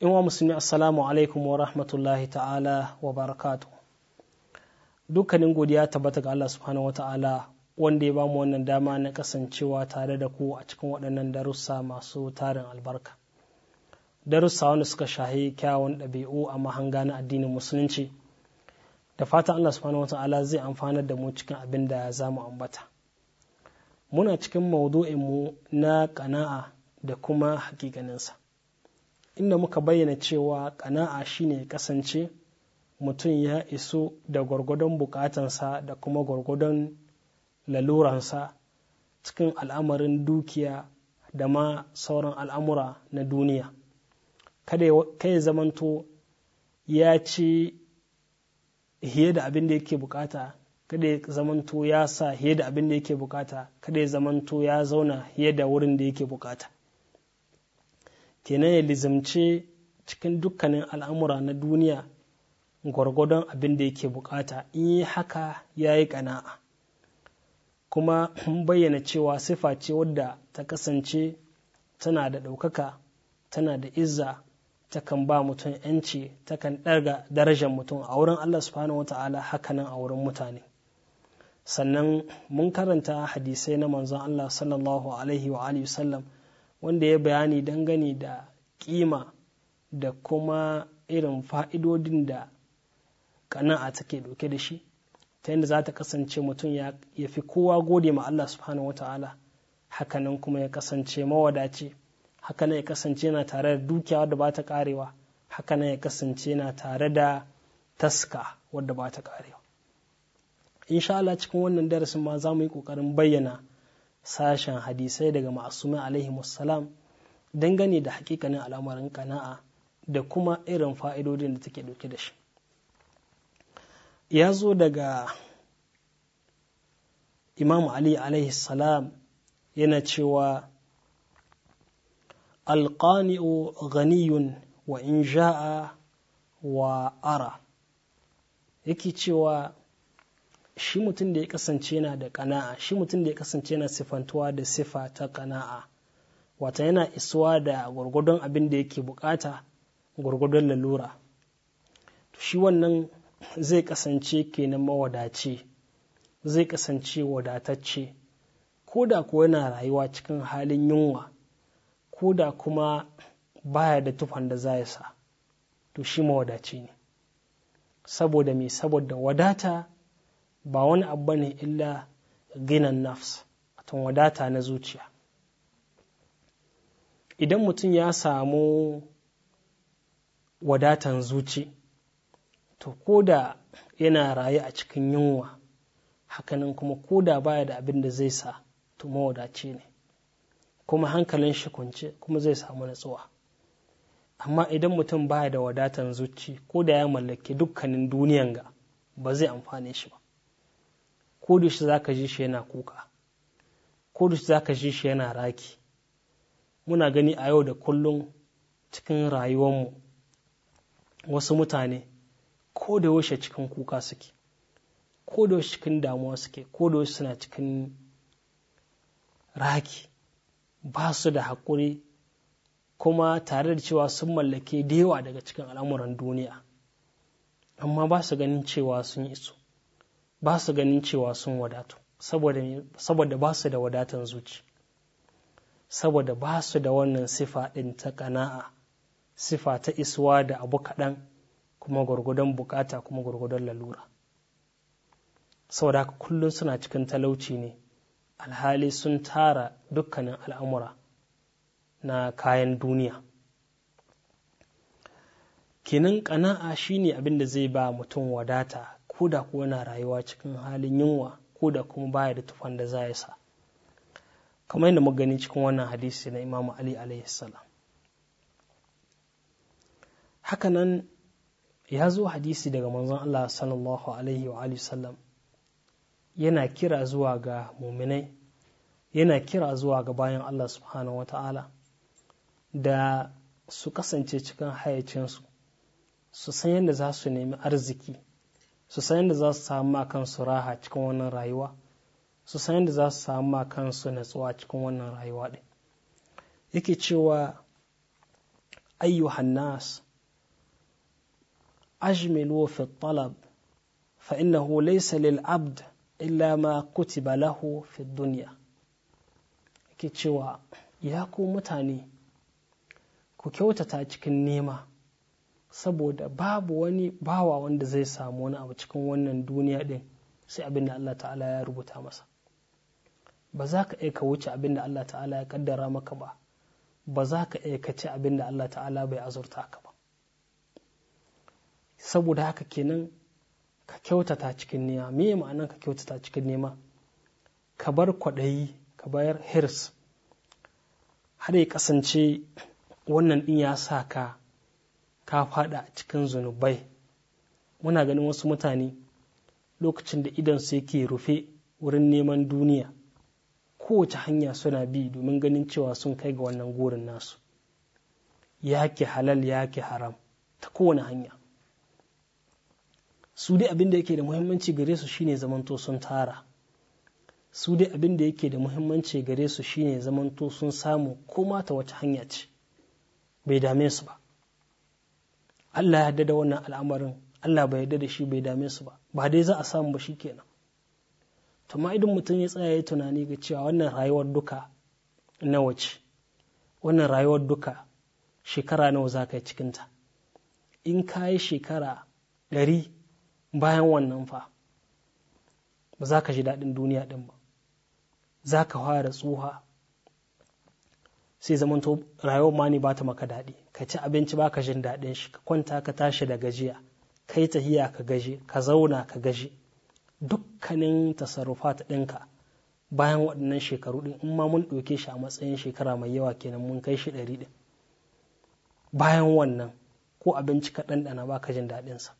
in wa musulmi assalamu alaikum wa rahmatullahi ta'ala wa barakatu dukkanin godiya tabbata ga Allah subhanahu wa ta'ala wanda ya bamu wannan dama na kasancewa tare da ku a cikin waɗannan darussa masu tarin albarka darussa wanda suka shahi kyawun ɗabi'u a mahanga na addinin musulunci da fatan Allah subhanahu wa ta'ala zai amfana da mu cikin abin da za mu ambata muna cikin mu na kana'a da kuma hakikaninsa inda muka bayyana cewa kana'a shine kasance mutum ya iso da gwargwadon bukatansa da kuma gwargwadon laluransa cikin al'amarin dukiya da ma sauran al'amura na duniya kada ya zamanto ya ci hiye da abin da yake bukata kada ya zamanto ya sa hiye da abin da yake bukata kada ya zamanto ya zauna hiye da wurin da yake bukata kenan ya lizimce cikin dukkanin al'amura na duniya gwargwadon abin da yake bukata in yi haka ya yi kana'a kuma mun bayyana cewa sifa ce wadda ta kasance tana da ɗaukaka tana da izza ta kan ba mutum yanci kan ɗarga darajar mutum a wurin Allah subhanahu wata'ala hakanan a wurin mutane sannan mun karanta hadisai na manzon Allah sallallahu alaihi wa wasallam wanda ya bayani dangane da kima da kuma irin fa'idodin da kana'a take ɗauke da shi ta yadda za ta kasance mutum ya fi kowa gode ma Allah subhanahu wata'ala hakanan kuma ya kasance mawadaci hakanan ya kasance na tare da dukiya wadda ba ta karewa hakanan ya kasance na tare da taska wadda ba ta karewa insha cikin wannan darasin ma za mu yi ƙoƙarin bayyana sashen hadisai daga ma'asumin alaihi wassalam dangane da hakikanin al'amarin kana'a da kuma irin fa'idodin da take ɗauke da shi ya zo daga imam ali alaihi salam yana cewa alƙani'u ghaniyun wa in ja'a wa ara yake cewa shi mutum da ya kasance yana da kana'a shi mutum da ya kasance yana sifantuwa da sifa ta kana'a wata yana isuwa da gwargwadon abin da yake bukata gwargwadon lalura to shi wannan zai kasance kenan mawadace, zai kasance wadatacce ko da kuwa yana rayuwa cikin halin yunwa ko da kuma baya da tufan da za ya sa to shi mawadace ne saboda mai saboda wadata ba wani abu ne illa ginan nafs watan wadata na zuciya idan mutum ya samu wadatan zuci to ko da yana raye a cikin yunwa hakanan kuma ko da baya da abin da zai sa to mawadace ne kuma hankalin shi kunce kuma zai samu natsuwa amma idan mutum baya da wadatan zuci ko da ya mallake dukkanin duniyan ga ba zai amfane shi ba ko da shi za ka ji shi yana kuka ko da shi za ka ji shi yana raki muna gani a yau da kullum cikin rayuwarmu wasu mutane ko da yaushe cikin kuka suke ko da yaushe cikin damuwa suke ko da yaushe suna cikin raki ba su da haƙuri kuma tare da cewa sun mallake da daga cikin al'amuran duniya amma ba su ganin cewa sun iso ba su ganin cewa sun wadatu saboda ba su da wadatan zuci saboda ba su da wannan sifa ɗin ta ƙana'a sifa ta isuwa da abu kaɗan kuma gwargwadon bukata kuma gwargwadon lalura saboda haka kullum suna cikin talauci ne alhali sun tara dukkanin al'amura na kayan duniya kenan ƙana'a shine abin da zai ba mutum wadata ko da kuwa yana rayuwa cikin halin yunwa ko da kuma baya da tufan da za ya sa kamar yadda muka gani cikin wannan hadisi na imamu ali alayhi salam hakanan ya zo hadisi daga manzon Allah sallallahu alaihi wa sallam yana kira zuwa ga muminai yana kira zuwa ga bayan Allah subhanahu wata'ala da su kasance cikin hayacinsu su san yadda za su nemi arziki su san yadda za su samu ma kansu raha cikin wannan rayuwa su san yadda za su samu ma kansu natsuwa cikin wannan rayuwa ɗin yake cewa ayyuhan nas ajmilu fi talab fa innahu laysa lil abd illa ma kutiba lahu fi dunya yake cewa ya ku mutane ku kyautata cikin nema saboda babu wani bawa wanda zai samu wani abu cikin wannan duniya din sai abin da Allah ta'ala ya rubuta masa ba za ka aika wuce abin da Allah ta'ala ya kaddara maka ba ba za ka aikace abin da Allah ta'ala bai azurta ka ba saboda haka kenan ka kyautata cikin nema me ma'anar ka kyautata cikin nema ka bar kwaɗayi ka bayar hirs har ya kasance wannan ɗin ya sa ka ka fada cikin zunubai muna ganin wasu mutane lokacin da idan su yake rufe wurin neman duniya kowace hanya suna bi domin ganin cewa sun kai ga wannan gurin nasu ya ke halal ya ke haram ta kowane hanya su dai abin da yake da muhimmanci gare su shine zamanto sun tara su dai abin da yake da muhimmanci gare su shine zamanto sun samu koma ta wata hanya ce bai dame su ba Allah ya yarda da wannan al'amarin Allah bai yarda da shi bai dame su ba ba dai za a samu ba kenan to ma idan mutum ya tsaya ya tunani ga cewa wannan rayuwar duka na wace wannan rayuwar duka shekara nawa za ka yi cikinta in ka yi shekara ɗari bayan wannan fa ba za ka ji daɗin duniya ɗin ba za ka fara tsuha sai zamanto rayuwar ma ne bata maka daɗi ka ci abinci ba ka jin daɗin shi ka kwanta ka tashi da gajiya kai tahiya ka gaji ka zauna ka gaji dukkanin tasarrufat ɗinka bayan waɗannan shekaru ɗin in ma mun ɗauke shi a matsayin shekara mai yawa kenan mun kai shi ɗari ɗin bayan wannan ko abinci ka ɗanɗana ba ka jin sa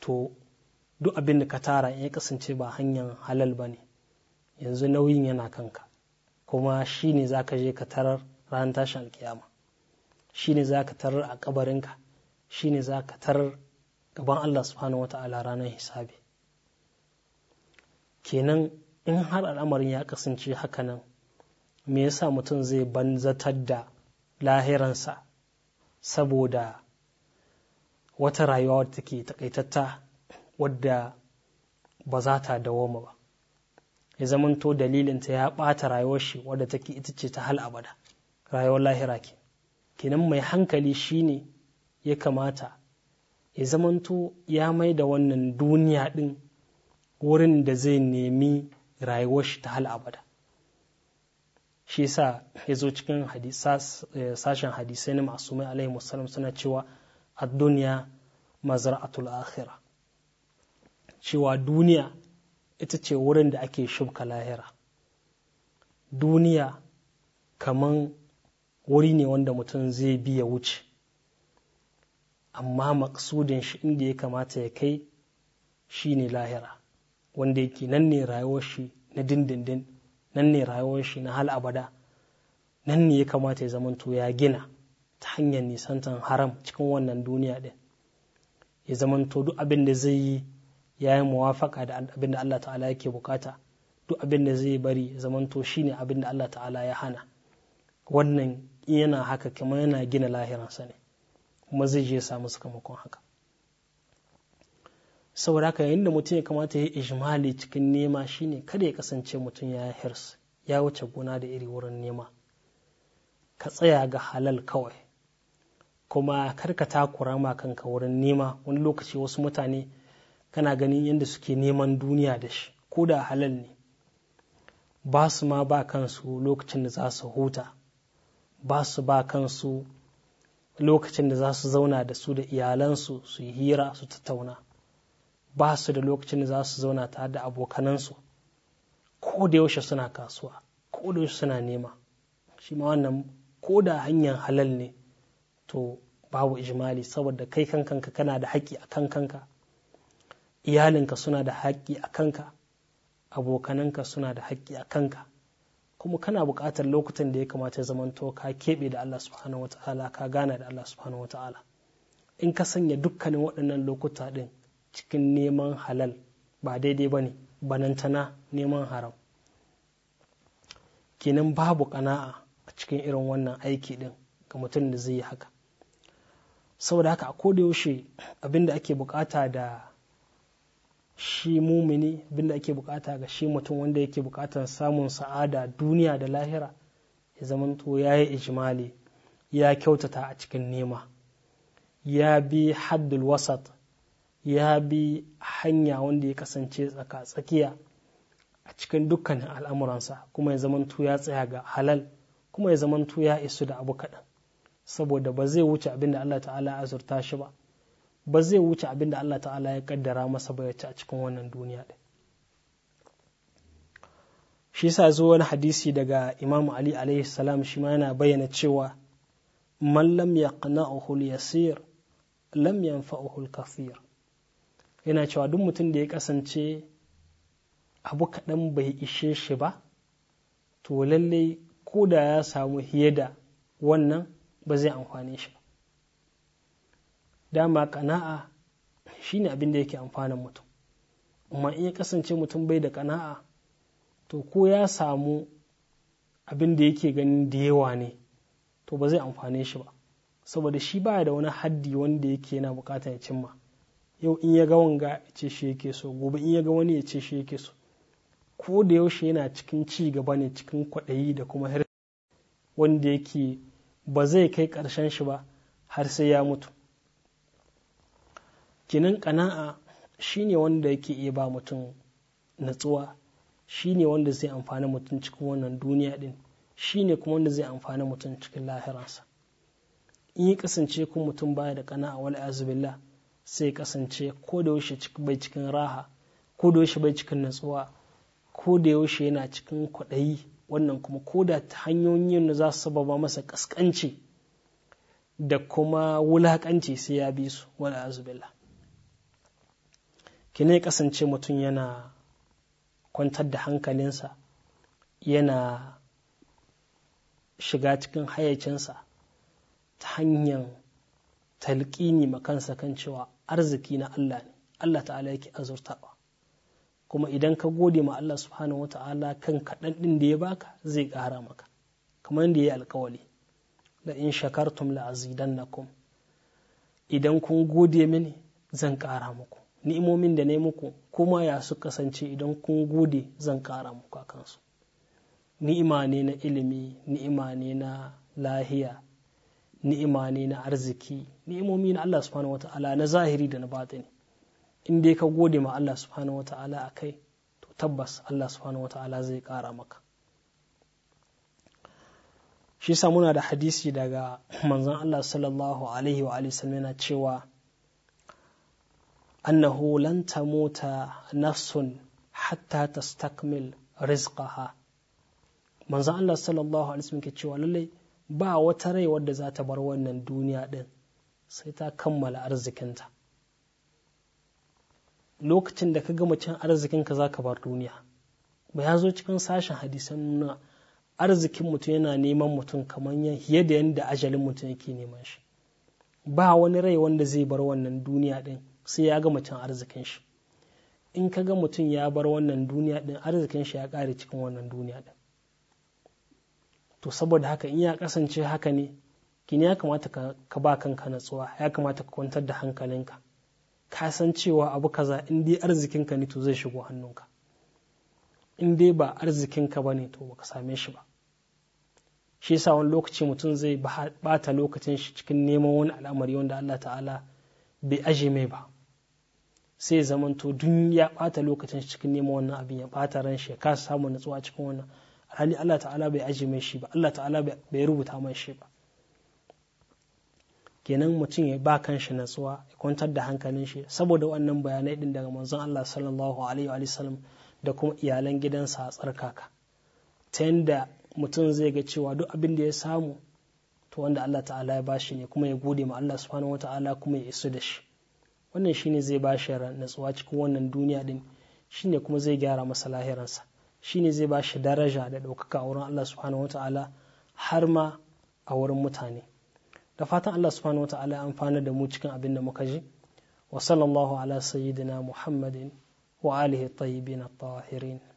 to duk abin da ka tara in ya kasance ba hanyar halal ba ne yanzu nauyin yana kanka kuma shi ne za ka je ka tarar ranar tashin alkiyama shi ne za ka tarar a kabarinka shi ne za ka tarar gaban Allah subhanahu wa ta'ala ranar hisabi kenan in har al'amarin ya kasance nan, me yasa mutum zai banzatar da lahiransa saboda wata rayuwa wadda take takaitatta wadda ba za ta dawoma ba ya zamanto ta ya ɓata rayuwar shi wadda take ita ce ta hal abada rayuwar lahira ke kenan mai hankali shine ya kamata ya zamanto ya mai da wannan duniya ɗin wurin da zai nemi rayuwar shi ta hal abada shi sa ya zo cikin eh, sashen hadisai na masu mai alaihi musallam suna cewa a duniya mazar'atul akhira cewa duniya ita ce wurin da ake shubka lahira duniya kaman wuri ne wanda mutum zai biya wuce amma maksudin shi inda ya kamata ya kai shi ne lahira wanda yake nan ne rayuwar shi na dindindin nan ne rayuwar shi na hal abada nan ne ya kamata ya zamanto ya gina ta hanyar nisantan haram cikin wannan duniya din ya zamanto duk abin da zai yi ya yi muwafaka da abin da Allah ta'ala yake bukata duk abin da zai bari zamanto shine abin da Allah ta'ala ya hana wannan yana haka kamar yana gina lahiransa ne kuma zai je samu sakamakon haka saboda haka yayin da mutum ya kamata ya yi ijmali cikin nema shine kada ya kasance mutum ya hirs ya wuce gona da iri wurin nema ka tsaya ga halal kawai kuma kar ka takura ma kanka wurin nema wani lokaci wasu mutane kana ganin yadda suke neman duniya da shi ko da halal ne ba su ma ba kansu lokacin da za su huta ba su ba kansu lokacin da za su zauna da su da iyalansu su yi hira su tattauna ba su da lokacin da za su zauna ta da abokanansu ko da yaushe suna kasuwa ko da yaushe suna nema shi ma wannan ko da hanyar halal ne to babu ijimali saboda kai kankanka kana da haƙƙi a kankanka. iyalinka suna da haƙƙi a kanka abokananka suna da haƙƙi a kanka kuma kana buƙatar lokutan da ya kamata zamanto ka keɓe da Allah subhanahu wata'ala ka gana da Allah subhanahu wata'ala in ka sanya dukkanin waɗannan lokuta ɗin cikin neman halal ba daidai ba ne banantana neman haram kenan babu ƙana'a a cikin irin wannan aiki ɗin ga mutum da zai yi haka saboda haka a koda yaushe abin da ake buƙata da shi mumini bin ake bukata ga shi mutum wanda yake bukatar samun sa'ada duniya da lahira ya zamanto ya yi ijimali ya kyautata a cikin nema ya bi haddul wasat ya bi hanya wanda ya kasance tsaka tsakiya a cikin dukkanin al'amuransa kuma ya zama ya tsaya ga halal kuma ya zama ya isu da abu kaɗan saboda ba zai wuce abin da Allah ta'ala azurta shi ba ba zai wuce abin da Allah ta'ala ya kaddara masa ba ya ci a cikin wannan duniya ɗin shi sa zo wani hadisi daga imamu ali alaihi salam shi ma yana bayyana cewa man lam yaqna'uhu al-yasir lam yanfa'uhu al-kathir yana cewa duk mutum da ya kasance abu kaɗan bai ishe shi ba to lallai ko da ya samu hiyada wannan ba zai amfane shi ba dama kana'a shine abin da yake amfanin mutum amma in ya kasance mutum bai da kana'a to ko ya samu abin da yake ganin da yawa ne to ba zai amfane shi ba saboda shi baya da wani haddi wanda yake yana bukatar ya cimma yau in ya ga wanga ya ce shi yake so gobe in ya ga wani ya ce shi yake so ko da yaushe yana cikin ci gaba ne cikin kwaɗayi da kuma wanda yake ba zai kai ƙarshen shi ba har sai ya mutu kinan ƙana'a ne wanda yake iya ba mutum natsuwa ne wanda zai amfani mutum cikin wannan duniya din shi kuma wanda zai amfani mutum cikin lahiransa in yi kasance kun mutum baya da ƙana'a wani azubillah sai kasance ko da yaushe bai cikin raha ko da yaushe bai cikin natsuwa ko da yaushe yana cikin kwaɗayi wannan kuma ko da ta hanyoyin da za su sababa masa kaskanci da kuma wulakanci sai ya bi su wani azubillah ne kasance mutum yana kwantar da hankalinsa yana shiga cikin hayyacinsa ta hanyar talƙini makansa kan cewa arziki na Allah ne Allah ta'ala yake azurtawa kuma idan ka gode ma Allah subhanahu wa kan kaɗan ɗin da ya baka zai ƙara maka kamar yadda ya yi alkawali da in shakartum la azidannakum idan kun gode mini zan ƙara muku ni'imomin da na yi muku kuma ya su kasance idan kun gode zan kara muku kansu ni'ima ne na ilimi ni'ima ne na lahiya ni'ima ne na arziki ni'imomi na Allah subhanahu ta'ala na zahiri da na batini in dai ka gode ma Allah subhanahu ta'ala a kai to tabbas Allah subhanahu ta'ala zai kara maka shi sa muna da hadisi daga manzon Allah sallallahu alaihi wa sallam yana cewa annahu lan tamuta nafsun hatta tastakmil rizqaha manzo Allah sallallahu alaihi wasallam ke cewa lalle ba wata rai wadda za ta bar wannan duniya din sai ta kammala arzikinta lokacin da ka gama cin arzikinka za ka bar duniya ba ya zo cikin sashen hadisan nuna arzikin mutum yana neman mutum kamar yadda yadda ajalin mutum yake neman shi ba wani rai wanda zai bar wannan duniya din sai ya ga mutum arzikin shi in ka ga mutum ya bar wannan duniya din arzikin shi ya kare cikin wannan duniya din to saboda haka in ya kasance haka ne kini ya kamata ka ba kanka natsuwa ya kamata ka kwantar da hankalinka ka san cewa abu kaza in dai arzikinka ne to zai shigo hannunka in dai ba arzikinka ba ne to baka same shi ba shi yasa wani lokaci mutum zai bata lokacin shi cikin neman wani al'amari wanda Allah ta'ala bai aje mai ba sai zamanto duk ya bata lokacin cikin neman wannan abin ya bata ran shi ya kasa nutsuwa natsuwa cikin wannan alhali Allah ta'ala bai aje mai shi ba Allah ta'ala bai rubuta mai shi ba kenan mutum ya ba kanshi natsuwa ya kwantar da hankalin shi saboda wannan bayanai din daga manzon Allah sallallahu alaihi wa sallam da kuma iyalan gidansa a tsarkaka ta yanda mutum zai ga cewa duk abin da ya samu to wanda Allah ta'ala ya bashi ne kuma ya gode ma Allah subhanahu wa ta'ala kuma ya isu da shi wannan shine zai ba shi natsuwa cikin wannan duniya din shi ne kuma zai gyara masa lahiransa ne zai ba shi daraja da ɗaukaka a wurin Allah subhanahu ta'ala har ma a wurin mutane da fatan Allah subhanahu wata'ala amfana da mu cikin abin da muka ji wa sallallahu ala sayyidina muhammadin wa alihi tayyibin at-tahirin